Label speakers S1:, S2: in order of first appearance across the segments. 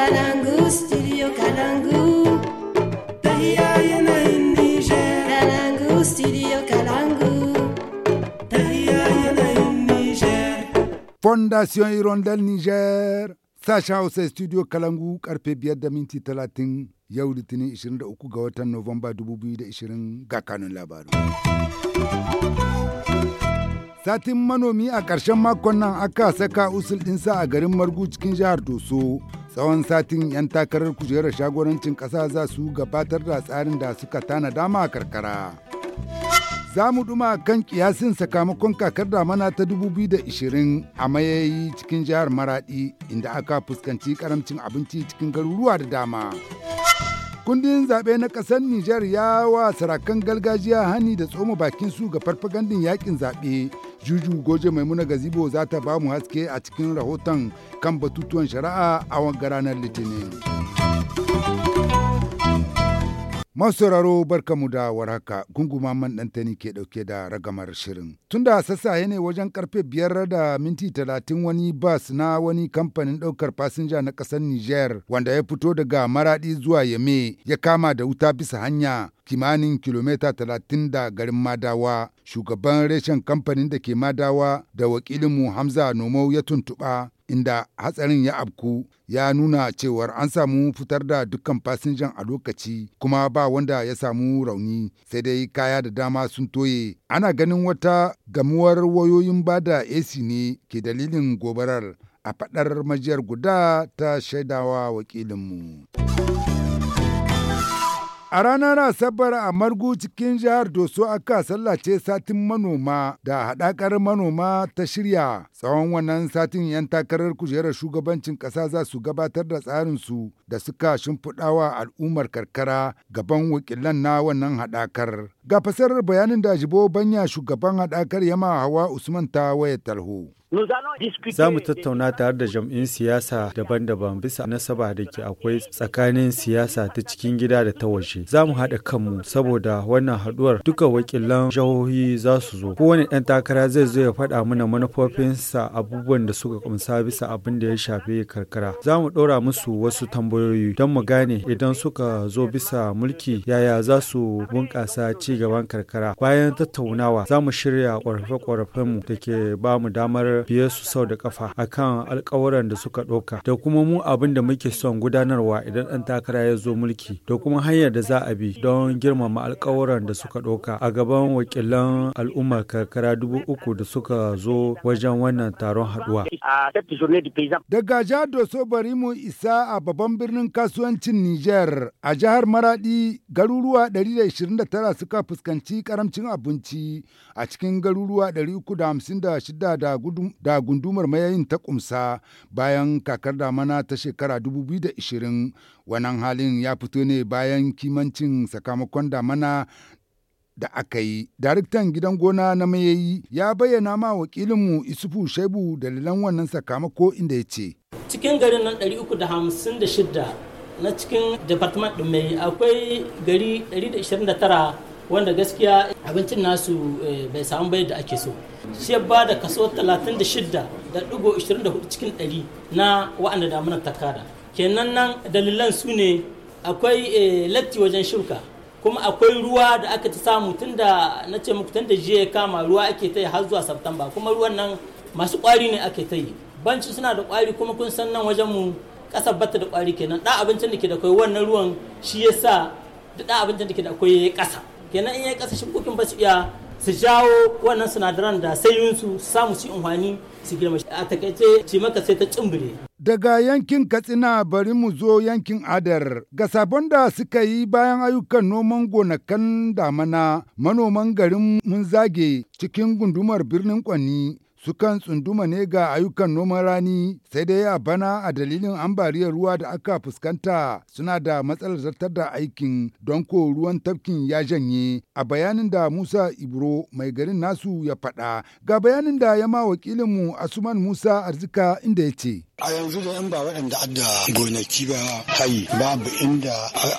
S1: Kalangu, studio Kalangu. Kalangu, studio Kalangu.
S2: Fondation Irondal Niger, Sacha ose Studio Kalangu karpe biyar da minti talatin yau litinin 23 ga watan 2020 ga kanun labaru. Satin manomi a ƙarshen makon nan aka saka usul ɗinsa a garin Margu cikin jihar Doso tsawon satin 'yan takarar kujerar shagorancin ƙasa za su gabatar da tsarin da suka tana dama a karkara za mu ɗuma kan kiyasin sakamakon kakar damana ta 2020 a mayayi cikin jihar maraɗi, inda aka fuskanci karamcin abinci cikin garuruwa da dama Kundin zaɓe na ƙasar Nijar ya wa sarakan gargajiya hani da tsoma bakin su ga farfagandin yakin zaɓe. Juju Goje Maimuna Gazibo za ta ba mu haske a cikin rahoton kan batutuwan shari'a a ranar Litinin. Masauraro barkamu da warhaka gunguma man ɗantani ke ɗauke da ragamar shirin. Tunda sassaye ne wajen karfe biyar da minti talatin wani bas na wani kamfanin ɗaukar fasinja na ƙasar Niger wanda ya fito daga Maraɗi zuwa Yame ya kama da wuta bisa hanya kimanin kilomita talatin da garin Madawa. Shugaban reshen kamfanin da ke Madawa da wakilinmu Hamza Nomau ya tuntuɓa inda hatsarin ya afku ya nuna cewar an samu fitar da dukkan fasinjan a lokaci kuma ba wanda ya samu rauni sai dai kaya da dama sun toye ana ganin wata gamuwar wayoyin bada ac ne ke dalilin gobarar a faɗar majiyar guda ta shaidawa wakilinmu. A ranar Asabar a Margu cikin jihar Doso aka sallace satin manoma da haɗakar manoma ta shirya. Tsawon wannan satin 'yan takarar kujerar shugabancin ƙasa za su gabatar da tsarinsu da suka shimfiɗawa al'ummar karkara gaban wakilan na wannan haɗakar. Ga fasarar bayanin da Jibo Banya shugaban haɗakar Yama Hawa Usman ta ya talho. zamu tattauna tare da jam'in
S3: siyasa daban-daban bisa nasaba da ke akwai tsakanin siyasa ta cikin gida da ta waje. zamu haɗa kanmu saboda wannan haɗuwar duka wakilan jihohi za su zo. Kowane ɗan takara zai zo ya faɗa mana manufofinsa abubuwan da suka kumsa bisa abin da ya shafi karkara. zamu mu ɗora musu wasu tambayoyi don mu gane idan suka zo bisa mulki yaya za su bunƙasa ci gaban karkara. Bayan tattaunawa zamu mu shirya ƙorafe-ƙorafenmu da ke bamu damar biye su sau da kafa akan alkawuran da suka ɗauka da kuma mu abin da muke son gudanarwa idan ɗan takara ya zo mulki da kuma hanyar da za a bi don girmama alkawuran da suka ɗauka a gaban wakilan al'ummar karkara
S2: dubu uku da suka zo wajen wannan taron haɗuwa. Daga jado so bari mu isa a babban birnin kasuwancin Nijar a jihar Maradi garuruwa 129 suka fuskanci karamcin abinci a cikin garuruwa 356 da gudun da gundumar mayayin ta kumsa bayan kakar damana ta shekara 2020 wannan halin ya fito ne bayan kimancin sakamakon damana da aka yi. Daraktan gidan gona na mayayi ya bayyana ma wakilinmu Isufu Shaibu dalilan wannan sakamako inda ya ce.
S1: Cikin garin nan 356 na cikin department ɗin mai akwai gari 129 wanda gaskiya abincin nasu eh, bai samu bai da ake so shi ba da kaso 36.24 cikin 100 na wa'anda damunan takada kenan nan dalilan su ne akwai eh, latti wajen shirka kuma akwai ruwa da aka ta samu tun da na ce muku tun da jiya kama ruwa ake ta yi har zuwa Satumba kuma ruwan nan masu kwari ne ake ta yi banci suna da kwari kuma kun san nan wajen mu kasar bata da kwari kenan da abincin da ke da kai wannan ruwan shi yasa da da abincin da ke da ya yi kasa kenan in ya kasa shukokin ba su iya su jawo wannan sinadaran da su samu su amfani su girma a takaice ce maka sai ta cimbire.
S2: Daga yankin Katsina bari mu zo yankin Adar, ga sabon da suka yi bayan ayyukan noman gonakan damana manoman garin mun zage cikin gundumar birnin Kwani sukan tsunduma ne ga ayyukan noman rani sai dai a bana a dalilin ambaliyar ruwa da aka fuskanta suna da matsalar zartar da aikin don ko ruwan tafkin ya janye a bayanin da musa ibro mai garin nasu ya faɗa ga bayanin da ya ma wakilinmu asuman musa arzika inda ya ce a yanzu da
S3: yan ba waɗanda adda gonaki ba hayi babu inda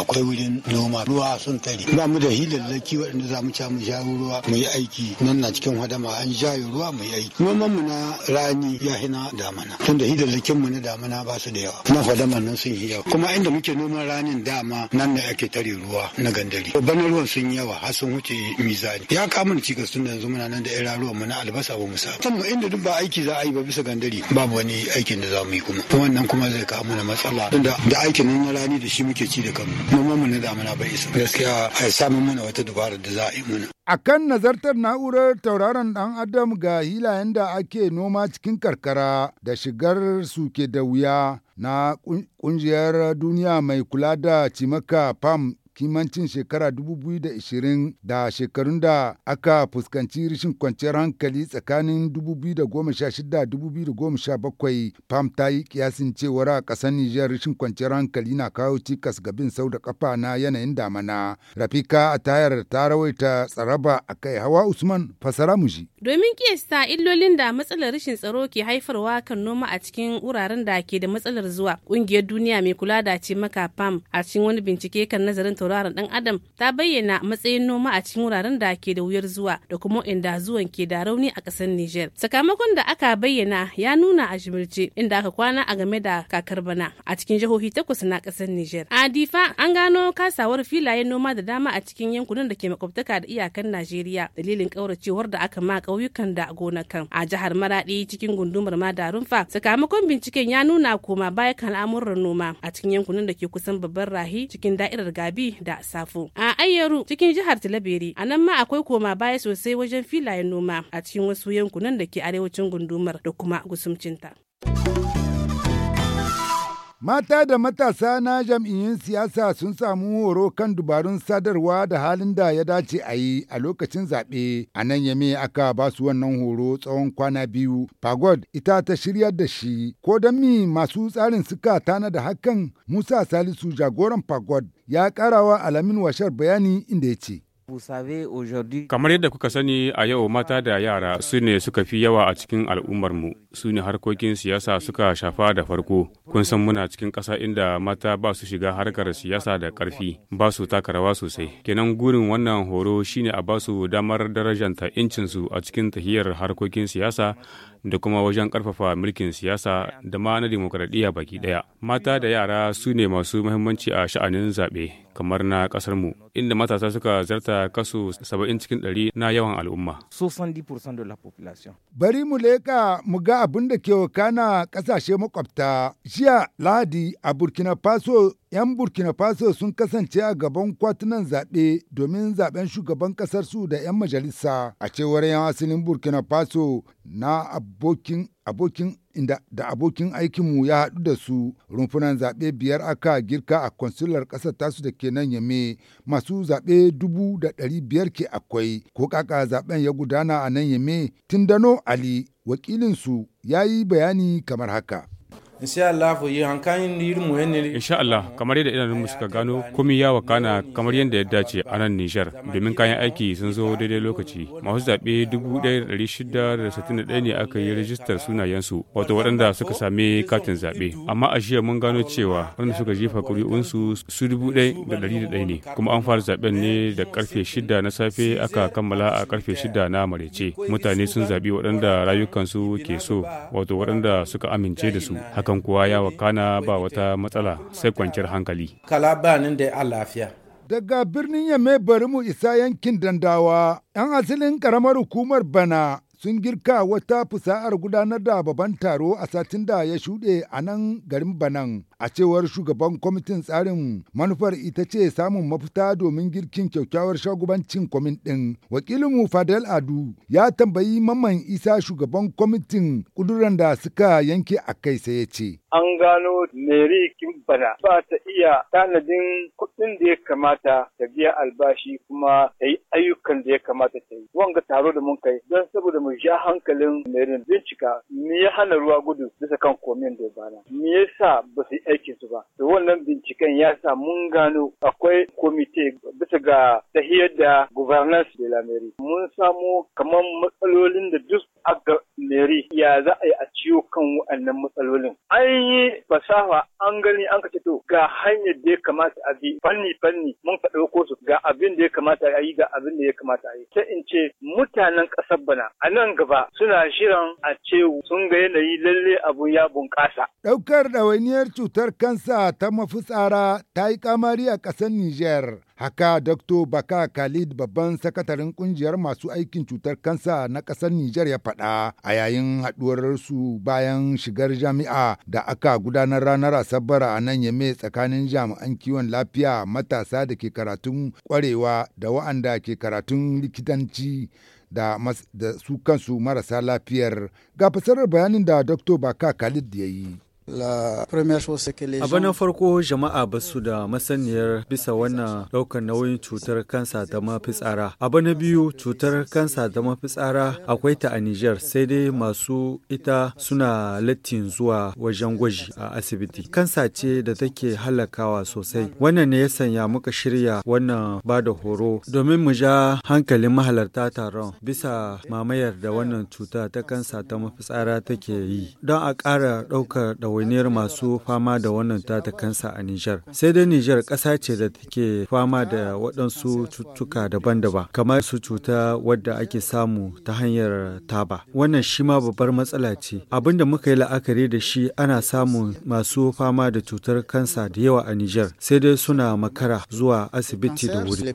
S3: akwai wurin noma ruwa sun tare ba mu da hilallaki waɗanda za mu ca mu sha ruwa mu yi aiki nan na cikin hadama an jaye ruwa mu yi aiki noman mu na rani ya hina damana da hilallakin mu na damana ba su da yawa na hadama nan sun yi yawa kuma inda muke noman ranin dama nan ne ake tare ruwa na gandari bana ruwan sun yi yawa har sun wuce mizani ya kamun cikas tun yanzu muna nan da ira ruwan mu na albasa ba mu sa inda duk ba aiki za a yi ba bisa gandari babu wani aikin da za mu yi kuma wannan kuma zai kawo mana matsala da aikin nan rani da shi muke ci da kanmu noman mu na damuna bai isa gaskiya a samun mana wata dubara da za a yi mana
S2: akan nazartar na'urar tauraron dan adam ga hilayen da ake noma cikin karkara da shigar su ke da wuya na kungiyar duniya mai kula da cimaka pam kimancin shekara 2020 da shekarun da aka fuskanci rishin kwanciyar hankali tsakanin 2016-2017 pam ta yi kiyasin cewar a ƙasar Nijar rishin kwanciyar hankali na kawo cikas ga bin sau da kafa na yanayin damana. Rafika a tayar ta rawaita tsaraba a kai hawa Usman fasara muji.
S4: Domin kiyasta illolin da matsalar rashin tsaro ke haifarwa kan noma a cikin wuraren da ke da matsalar zuwa ƙungiyar duniya mai kula da ce maka pam a cikin wani bincike kan nazarin sauraron dan adam ta bayyana matsayin noma a cikin wuraren da ke da wuyar zuwa da kuma inda zuwan ke da rauni a kasar nijar Sakamakon da aka bayyana ya nuna a jimirce inda aka kwana a game da kakar bana a cikin jihohi takwas na kasar nijar A Difa an gano kasawar filayen noma da dama a cikin yankunan da ke makwabtaka da iyakan Najeriya dalilin ƙauracewar da aka ma ƙauyukan da gonakan. A jihar Maradi cikin gundumar Madarunfa sakamakon binciken ya nuna koma baya kan al'amuran noma a cikin yankunan da ke kusan babban rahi cikin da'irar Gabi da Safo. A Ayyaru cikin jihar Talabiri a nan ma akwai koma baya sosai wajen filayen noma a cikin wasu yankunan da ke arewacin gundumar da kuma gusumcinta.
S2: Mata da matasa na jam'iyyun siyasa sun samu horo kan dubarun sadarwa da halin da ya dace a yi a lokacin zaɓe. A nan yame aka ba su wannan horo tsawon kwana biyu. Pagod ita ta shiryar da shi. Ko don mi masu tsarin suka tana da hakan Musa Salisu jagoran Pagod ya ƙarawa alamin washar bayani inda ya ce.
S5: Kamar yadda kuka sani a yau mata da yara su ne suka fi yawa a cikin al'ummarmu, su ne harkokin siyasa suka shafa da farko. Kun san muna cikin ƙasa inda mata ba su shiga harkar siyasa da ƙarfi, ba su taka rawa sosai. Kenan gurin wannan horo shine a ba su damar darajanta incinsu a cikin tahiyar harkokin siyasa da kuma wajen karfafa mulkin siyasa da ma na demokradiyya baki ɗaya. mata da yara su ne masu muhimmanci a sha'anin zaɓe kamar na ƙasar mu inda matasa suka zarta kaso 70 cikin 100 na yawan al'umma
S2: bari mu leka mu ga abin da ke wakana ƙasashe makwabta jiya lahadi a burkina faso 'Yan Burkina Faso sun kasance a gaban kwatunan zaɓe domin zaɓen shugaban ƙasar su da 'yan majalisa a cewar 'yan asalin Burkina Faso na abokin abokin inda da abokin aikinmu ya haɗu da su rumfunan zaɓe biyar aka girka a kwansular ƙasar tasu da ke nan yame masu zaɓe dubu da ɗari biyar ke akwai ko ƙaƙa zaɓen ya gudana a nan yame dano ali wakilinsu ya yi bayani kamar haka
S5: insha Allah Allah kamar yadda idan mu suka gano komai ya wakana kamar yadda ya dace a nan Nijar domin kayan aiki sun zo daidai lokaci masu zabe 1661 ne aka yi rijistar sunayensu wato waɗanda suka sami katin zaɓe amma a jiya mun gano cewa waɗanda suka jefa kuri'unsu su 1101 ne kuma an fara zaɓen ne da karfe 6 na safe aka kammala a karfe 6 na marece mutane sun zaɓi waɗanda rayukansu ke so wato waɗanda suka amince da su haka hakan kuwa ya wakana ba wata matsala sai kwanciyar hankali kala da ya lafiya
S2: daga birnin yamme bari mu isa yankin dandawa yan asalin karamar hukumar bana sun girka wata fusa'ar gudanar da babban taro a satin da ya shuɗe a nan garin banan A cewar shugaban kwamitin tsarin manufar ita ce samun mafita domin girkin kyakkyawar shagubancin kwamin ɗin. Wakilinmu Fadel Adu ya tambayi Mamman Isa shugaban kwamitin kuduran da suka yanke a kai sai ya ce.
S1: An gano Mary Kimbara ba ta iya tanadin kuɗin da ya kamata ta biya albashi kuma ta yi ayyukan da ya kamata ta yi. Wanga taro da mun kai don saboda mu ja hankalin Mary bincika me ya hana ruwa gudu bisa kan komin da bana. Me yasa ba su su ba. To wannan binciken ya sa mun gano akwai komite bisa ga tahiyar da governance de la Mun samo kamar matsalolin da duk meri ya za a yi a ciwo kan waɗannan matsalolin. An yi fasaha an gani an kace to ga hanyar da ya kamata a bi fanni fanni mun ka ko su ga abin da ya kamata a yi ga abin da ya kamata a yi. Sai in ce mutanen ƙasar bana a nan gaba suna shirin a ce sun ga yanayi lalle abu ya bunƙasa. Ɗaukar
S2: ɗawainiyar cutar kansa ta mafitsara ta yi kamari a ƙasar Nijar. Haka Dr. Baka Khalid babban sakataren kungiyar masu aikin cutar kansa na ƙasar Nijar ya faɗa a yayin haɗuwar su bayan shigar jami'a da aka gudanar ranar Asabar a nan Yame tsakanin jami'an kiwon lafiya matasa da ke karatun ƙwarewa da wa'anda ke karatun likitanci da, su kansu marasa lafiyar ga fasarar bayanin da Dr. Baka Khalid ya yi. a bana
S3: farko jama'a ba su da masaniyar bisa wannan ɗaukar nauyin cutar kansa da mafitsara. a bana biyu cutar kansa da mafitsara akwai ta a Nijar sai dai masu ita suna lattin zuwa wajen gwaji a asibiti. Kansa ce da take halakawa sosai. Wannan ne ya sanya muka shirya wannan ba da horo domin mu ja hankalin mahalarta taron bisa mamayar da wannan cuta ta kansa ta mafitsara take yi don a ƙara ɗaukar ɗawainiyar masu fama da wannan tata kansa a Nijar. Sai dai Nijar ƙasa ce da take fama da waɗansu cutuka daban-daban kamar su cuta wadda ake samu ta hanyar taba. Wannan shi ma babbar matsala ce. Abin da muka yi la'akari da shi ana samun masu fama da cutar kansa da yawa a Nijar sai dai suna makara zuwa asibiti da wuri.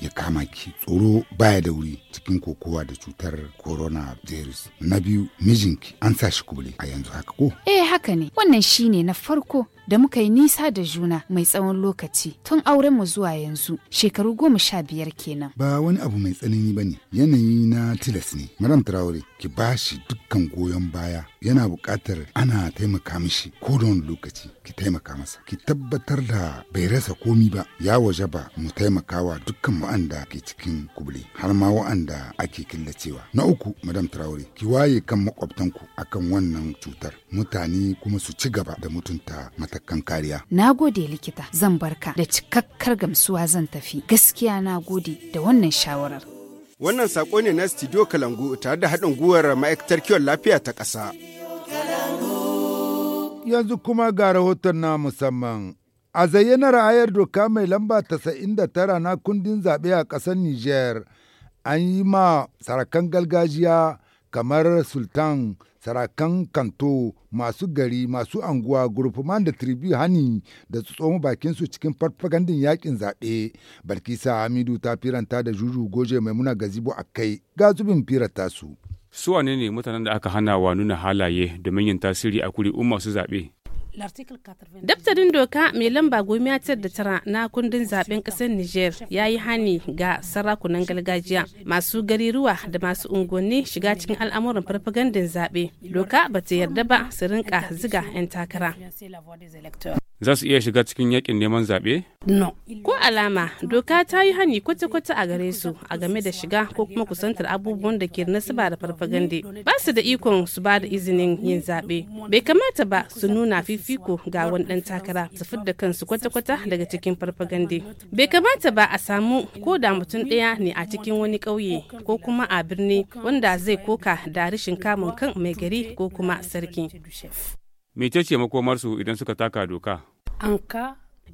S2: ya kama ki tsoro baya da wuri cikin kokowa da cutar corona virus na biyu mijinki an sa shi kubule a yanzu haka ko
S4: eh haka ne wannan shine na farko da muka yi nisa da juna mai tsawon lokaci tun auren mu zuwa yanzu shekaru goma sha biyar kenan.
S2: Ba wani abu mai tsanani ba ne yanayi na tilas ne. Maram Traore ki ba shi dukkan goyon baya yana buƙatar ana taimaka mishi ko da wani lokaci ki taimaka masa. Ki tabbatar da bai rasa komi ba ya waje ba mu taimakawa dukkan wa'anda ke cikin kubule har ma wa'anda ake killacewa. Na uku Madam Traore ki waye kan makwabtanku akan wannan cutar mutane kuma su ci gaba da mutunta mata matakan kariya.
S4: Na gode likita zan barka da cikakkar gamsuwa zan tafi. Gaskiya na gode da wannan shawarar.
S2: Wannan saƙo ne na Studio Kalangu tare da haɗin gwiwar ma'aikatar kiwon lafiya ta ƙasa. Yanzu kuma ga rahoton na musamman. A zayyana ra'ayar doka mai lamba da tara na kundin zaɓe a ƙasar Nijar, an yi ma sarakan gargajiya kamar Sultan sarakan kanto masu gari masu anguwa gurfuman da tribu hani da su bakin su cikin farfagandin yakin zaɓe balkisa hamidu ta firanta da juju goje maimuna gazibo a kai ga zubin firanta su
S5: su ne mutanen da aka hana wa nuna halaye domin yin tasiri a kuri'un masu zaɓe
S4: Daftarin doka mai lamba goma da tara na kundin zaben kasar Niger ya yi hani ga sarakunan gargajiya masu gariruwa da masu unguwanni shiga cikin al'amuran farfagandin zaɓe. Doka ba ta yarda ba su rinka ziga 'yan takara.
S5: za su iya shiga cikin yakin neman zaɓe?
S4: No. Ko alama doka ta yi hani kwata-kwata a gare su a game da shiga ko kuma kusantar abubuwan da ke nasaba da farfagande. Ba su da ikon su ba da izinin yin zaɓe. Bai kamata ba su nuna fifiko ga wani ɗan takara su fidda kansu kwata-kwata daga cikin farfagande. Bai kamata ba a samu ko da mutum ɗaya ne a cikin wani ƙauye ko kuma a birni wanda zai koka da rashin kamun kan mai gari ko kuma sarki.
S5: Mece ce makomarsu idan suka taka doka?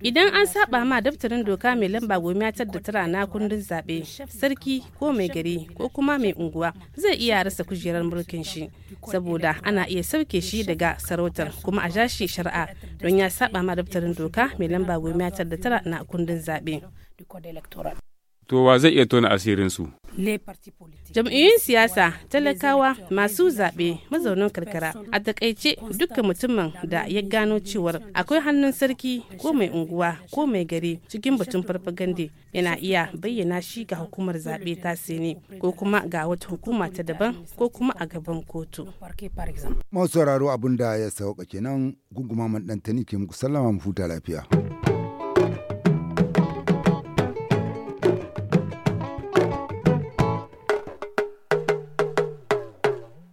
S4: Idan an saba ma daftarin doka mai lamba goma da tara na kundin zaɓe, sarki ko mai gari ko kuma mai unguwa zai iya rasa kujerar mulkin shi, saboda ana iya sauke shi daga sarautar kuma a jashi shari'a don ya saba ma daftarin doka mai lamba goma da tara na kundin zaɓe.
S5: to wa zai iya tona su.
S4: Jam'iyyun siyasa, talakawa, masu zaɓe, mazaunin karkara, a takaice dukkan mutumin da ya gano cewar akwai hannun sarki ko mai unguwa ko mai gari cikin batun farfagande yana iya bayyana shi ga hukumar zaɓe ta ne ko kuma ga wata hukuma ta daban ko kuma a gaban kotu.
S2: Masu sauraro abin da ya sauka kenan gunguma man ɗantani ke muku sallama mu huta lafiya.